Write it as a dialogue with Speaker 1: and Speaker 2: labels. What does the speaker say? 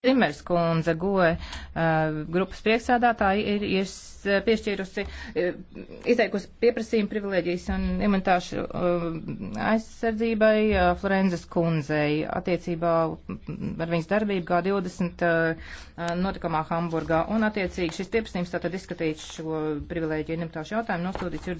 Speaker 1: Rimers kundze, goe uh, grupas priekšsādātāji, ir, ir piešķīrusi, izteikusi pieprasījumu privilēģijas un imunitāšu uh, aizsardzībai uh, Florenzas kundzei attiecībā ar viņas darbību G20 uh, notikamā Hamburgā. Un attiecīgi šis pieprasījums tātad izskatīts šo
Speaker 2: privilēģiju imunitāšu jautājumu nostūdīts.